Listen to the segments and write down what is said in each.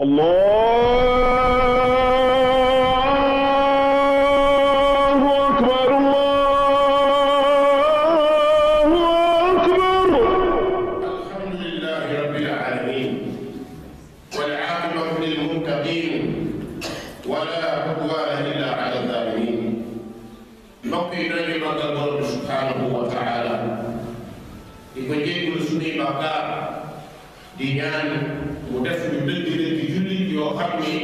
Allah. yoo xam ni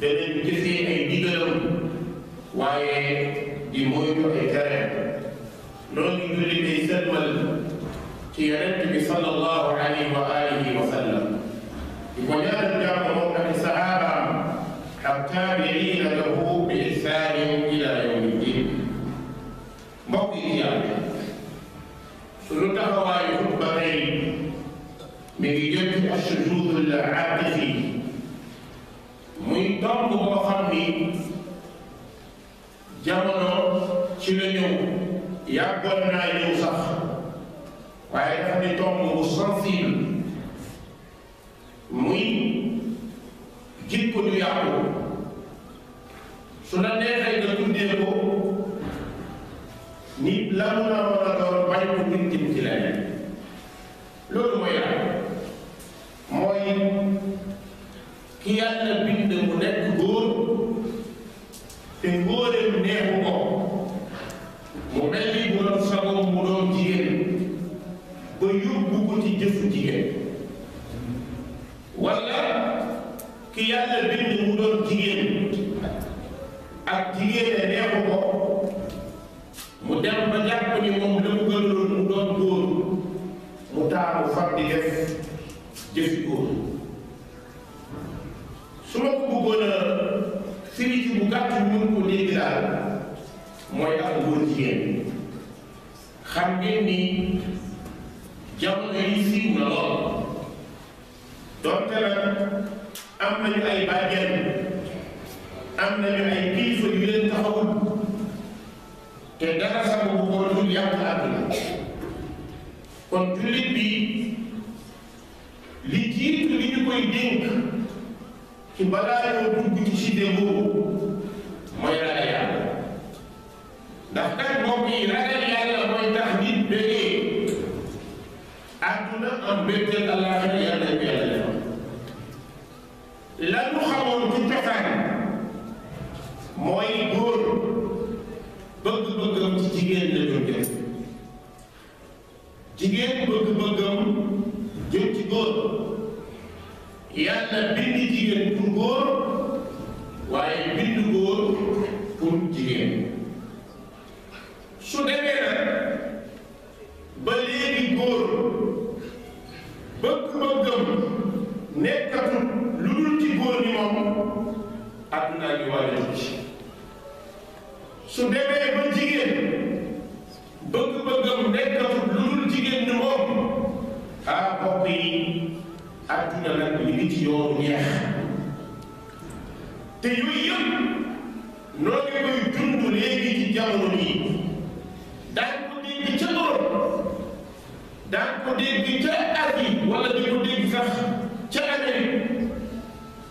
danañ jëfee ay digalam waaye di moytu ay tereem loolu ñu li day sëlmal ci yonent bi sallallahu alayhi wa alihi wa sallam di ko ñaan jàmm moom ak sahabaam ak taabiina lahu bi ihsaanin ila yawmi ddin mbokk yi yàlla sunu taxawaayu xutba tey mi ngi jëm ci assujuud al aaqifi dong boo xam ni jamono ci la ñëw yàggoon naa ñëw sax waaye dafa di tomb bu sensible muy jikko du yàqu su la neexee nga tuddee ko ni la mu la war a doon bañ ko nit ci leneen loolu mooy yàqu mooy ki yàlla de mu nekk góor te ngóoreem neexu ko mu mel ni bu mu doon jigéen ba yóbbu ko ci jëfu jigéen wala ki yàlla bind mu doon jigéen ak jigéen neexu ko mu dem ba jàpp moom la mu mu doon góor mu taamu far di def jëfi góor siriti bu gàtt mën ko léegi daal mooy ak góor jigéen xam ngeen ni jamono yi siiw na lool donte nag am nañu ay bàjjen am nañu ay kilifa yu leen taxawul te dara sababu ko dul yàq àdduna kon jullit bi li jiitu li ñu koy dénk ci balaa yoo dugg ci si démb noo ngi koy dund léegi ci jamono yi daan ko dégg ca Europe daan ko dégg ca Asie wala di ko dégg sax ca Amérique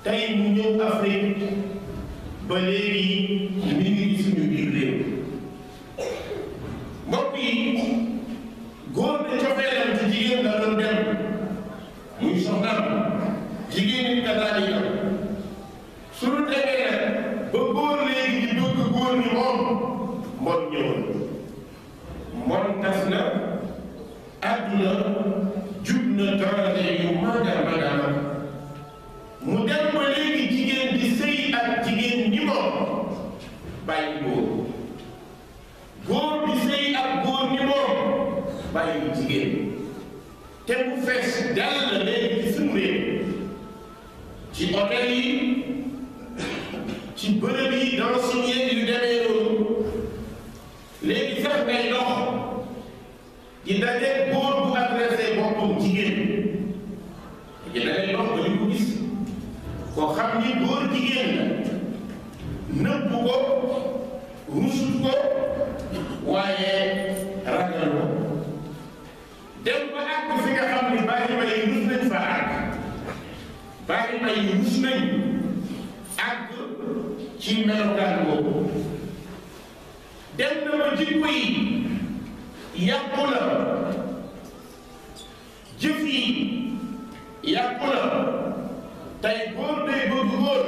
tey mu ñëw Afrique ba léegi. di daje góor bu adressé boppam jigéen daje da ngay dox ba ñu ko gis koo xam ni góor jigéen la nëbbu ko rusut ko waaye ragal dem ba àgg fi nga xam ni bàyyi ma nañ fa àgg bàyyi ma nañ àgg ci melokaan boobu dem na ba jikko yàqu na jëf yi yàqu na tey bëgg góor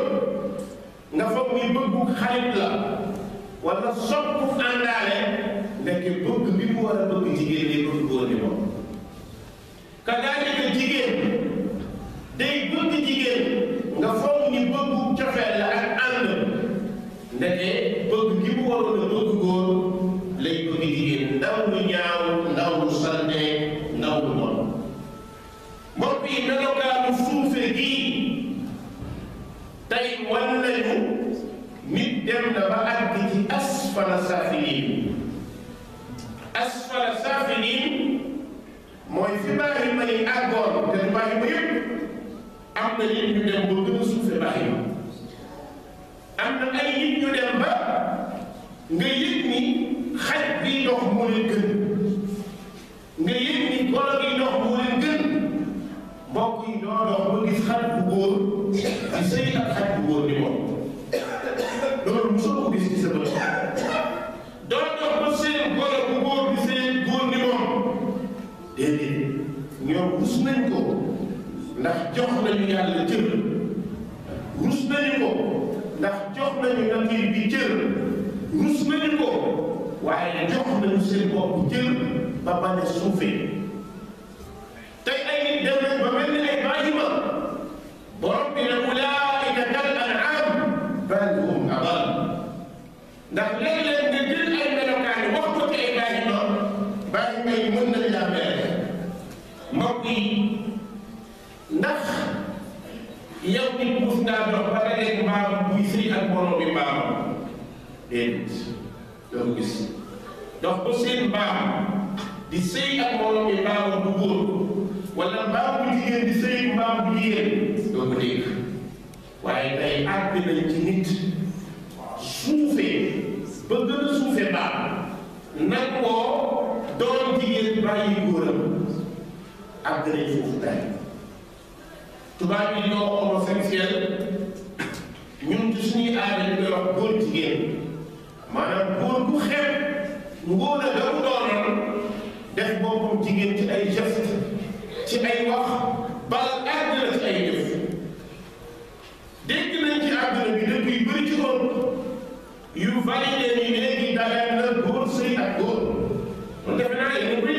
nga foog ni bëggu xarit la wala soppu àndaale nekk bëgg bi mu war a bëgg jigéen day bëgg góor ni moom ka daanaka jigéen day bëgg jigéen nga foog ni bëggu cofeel la ak ànd ndeke bëgg gi mu waroon a bëgg góor dox ba gis xarit bu góor di sëy ak xarit bu góor di moom loolu mosoo ko gis ci sa bët doo dox ba seen golo bu góor di sëy góor di moom déedéet ñoom rus nañ ko ndax jox nañu yàlla cër rus nañu ko ndax jox nañu nakiir bi cër rus nañu ko waaye jox nañu seen bopp cër ba bañ a suufee kono mi mbaama déedéet doo gis donc bu seen mbaam di sëy ak morom o mbaam bu góor wala mbaam bu jigéen di sëy mbaam bu jigéen doo ko dégg waaye tey àgg nañ ci nit suufee ba gën a suufee mbaam nag koo doon jigéen o góoram àgg nañ foofu tey tubaab yi ñoo homosexuel ñun ci suñuy aada ñu koy wax góor jigéen maanaam góor bu xeeb ngóor a gam doonoon def boppam jigéen ci ay geste ci ay wax bal àddina ci ay jëf dégg nañ ci àdduna bi dëkk yu bëri ci woon yu validé ni léegi dalee na góor sëy ak góor mun defe naa yéen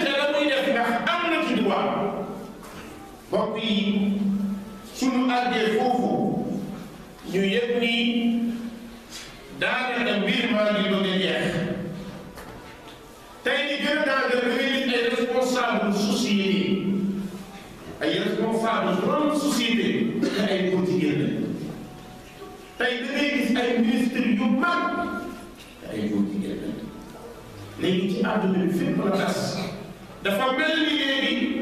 mbokk yi suñu àggee foofu ñu yëg ni daanaka mbir maa ngi doon jeex tey ni gën a devenir ay responsable société ay responsable rom société te ay quotidien la tey da ngay gis ay ministre yu mag te ay quotidien la léegi ci àdduna bi fépp la tas dafa mel ni léegi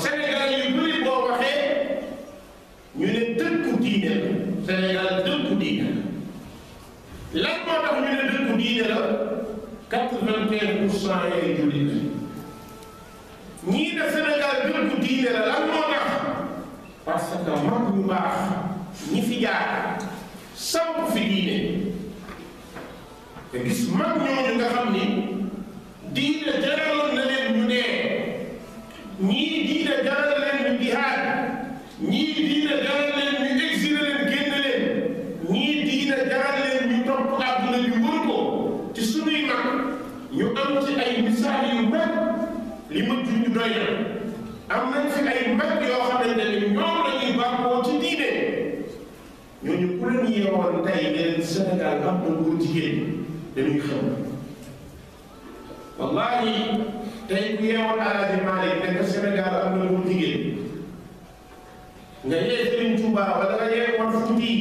Sénégal yu bëri boo waxee ñu ne dëkku diine la Sénégal dëkku diine la lan moo tax ñu ne dëkku diine la quatre-vingt-quinze pour cent yooyu jullit ñii ne Sénégal dëkku diine la lan moo tax parce que mag ñu baax ñi fi jaar samp fi diine te gis mag ñooñu nga xam ni diine jaraloon ñii diine jaral leen ñu jihaad ñii diine jaral leen ñu exilé leen génn leen ñii diine jaral leen ñu topp àdduna ñu wër ko ci sunuy mag ñu am ci ay misaal yu mag li ma junj doy na am nañ fi ay mag yoo xamante ne ñoom la ñuy bàkkoo ci diine ñooñu ku leen yeewoon tey leen Sénégal am na góor jigéen dañuy xam wallahi tey bu yeewoon Alaaji Maalik nekk Sénégal am na lu jigéen nga yee Sëriñ Tuubaa wala nga yee woon Fuuti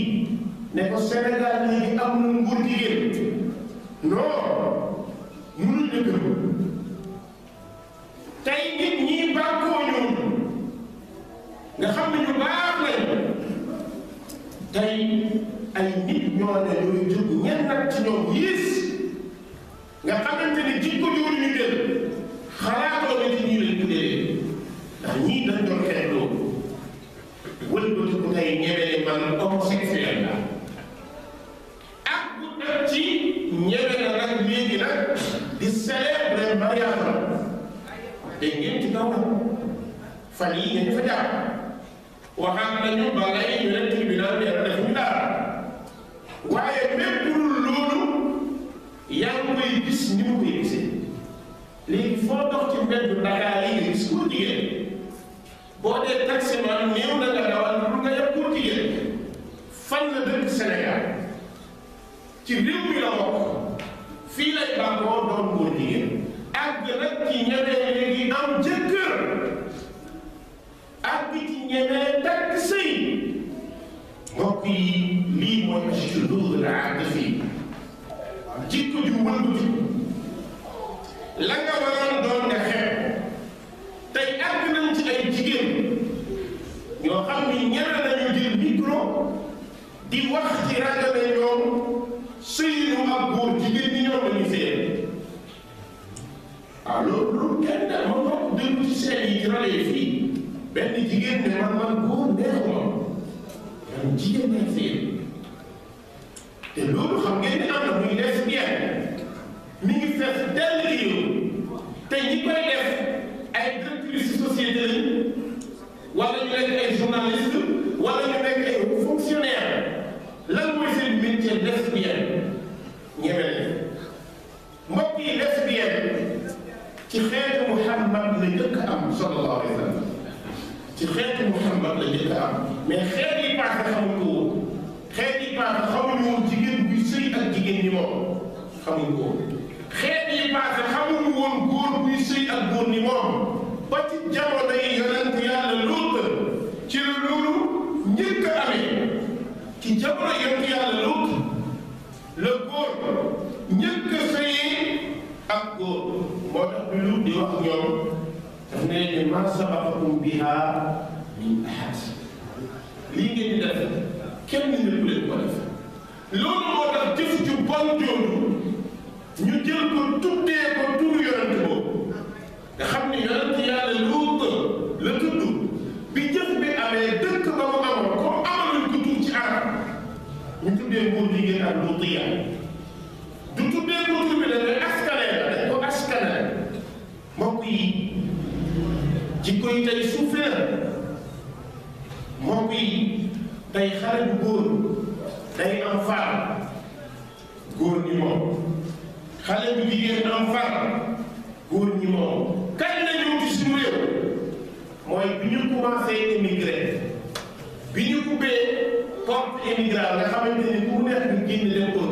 ne ko Sénégal léegi am na nguur jigéen non mënuñ la gëm tey ñun nga xam ne ñu ay nit ñoo ne ñooy jóg foo dox ci mbedd Ndakaar yi gis courtier boo dee taximan néew na nga dawal lu nga yëpp courtier fan la dëkk Sénégal ci réew mi la bokk fii lay bàkkoo doon góor jigéen àgg nag ci ñeneen léegi am jëkkër àgg ci ñeneen takk sëy mbokk yi lii mooy ashurur al aadafi jikko ju wëndu la nga waroon doon nga xeeb tey àgg nañ ci ay jigéen ñoo xam ni ñeme nañu jël micro di wax ci rajo ne ñoom sëy mu ak jigéen ñi ñoom lañu seet waaw ah, loolu loolu kenn da ma ko déglu ci seen yi ralee fii benn jigéen ne man man góor neexuma man jigéen ñi seet te loolu xam ngeen ne am na muy lesbienne ñi koy def ay directrices société lañ wala ñu nekk ay journaliste wala ñu nekk ay fonctionnaire lan mooy seen métier lesbienne ñeme leen mbokk yi lesbienne ci xeetu Muhammad la njëkk am sallallahu alayhi wa sallam ci xeetu Muhammad la njëkk am mais xeet yi paase xamuñu ko woon xeet yi paase xamuñu woon jigéen buy sëy ak jigéen ko ak buur ni moom ba ci jamono yi yonent yàlla luut ci la loolu njëkk a amee ci jamono yonent yàlla luut la góor njëkk a fayee ak góor moo tax bi wax ñoom daf ne ne ma sabaqakum biha min ahad lii ngeen di def kenn nit ku leen ko def loolu moo tax jëf ju bon jooju ñu jël ko tuddee ko murdiya du tuddee ko tur bi la mais askanee la dañ ko askanee mbokk yi jikko yi tey suufee mbokk yi tey xale bu góor day am far góor ñi moom xale bu jigéen am far góor ñi moom kañ la ñëw ci suñu réew mooy bi ñu commencé émigré bi ñu ubbee compte immigrant nga xamante ni bu neex ñu génn leen ko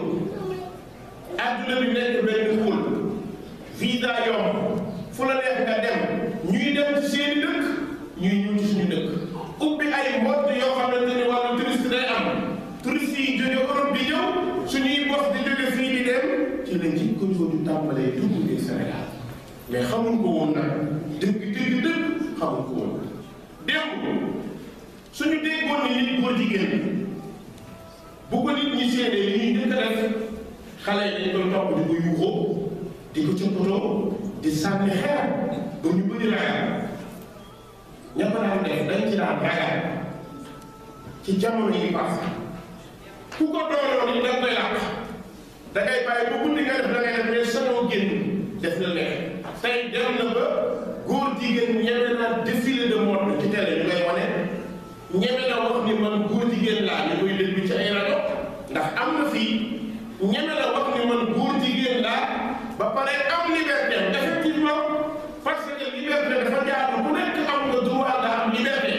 adduna bi nekk benn xul visa yomb fu la neex nga dem ñuy dem ci seeni dëkk ñuy ñëw ci suñu dëkk ubbi ay mbott yoo xamante ni wàllu touriste day am touriste yi jóge Europe di ñëw suñuy bos di jóge fii di dem ci la jikko jooju tàmbalee dugg biir Sénégal mais xamuñ ko woon nag dëgg dëgg dëgg xamuñ ko woon démb suñu déggoon ni nit góor jigéen bu ko nit ñi seetee li ñuy njëkk a def xale yi dañ koy topp di ko yuuxoo di ko cëppatoo di sànni xeer ba ñu bëri ragal ña ko daan def dañ ci daan ragal ci jamono yi pass ku ko dooloon yi da koy làq da bàyyi bu guddi nga def da ngay def mais sanoo génn def na neex tey dem na ba góor jigéen ñeme naa défilé de mode ci télé ñu ngay wane ñeme la wax ni man góor jigéen laa ñu koy déglu ci ay rajo ndax am na fii ñeme la wax ni man góor jigéen laa ba pare am liberté effectivement parce que liberté dafa jaar ku nekk am nga droit nga am liberté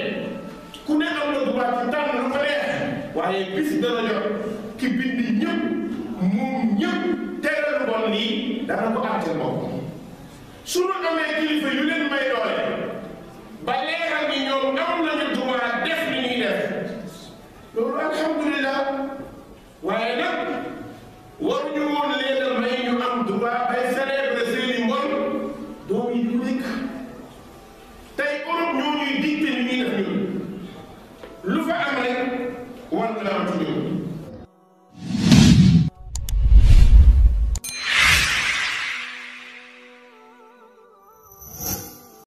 ku ne am nga droit ci tànn lu ko neex waaye bis dana jot ki bind ñëpp moom ñëpp teeral bon lii dana ko àtte moom su ñu amee kilifa yu leen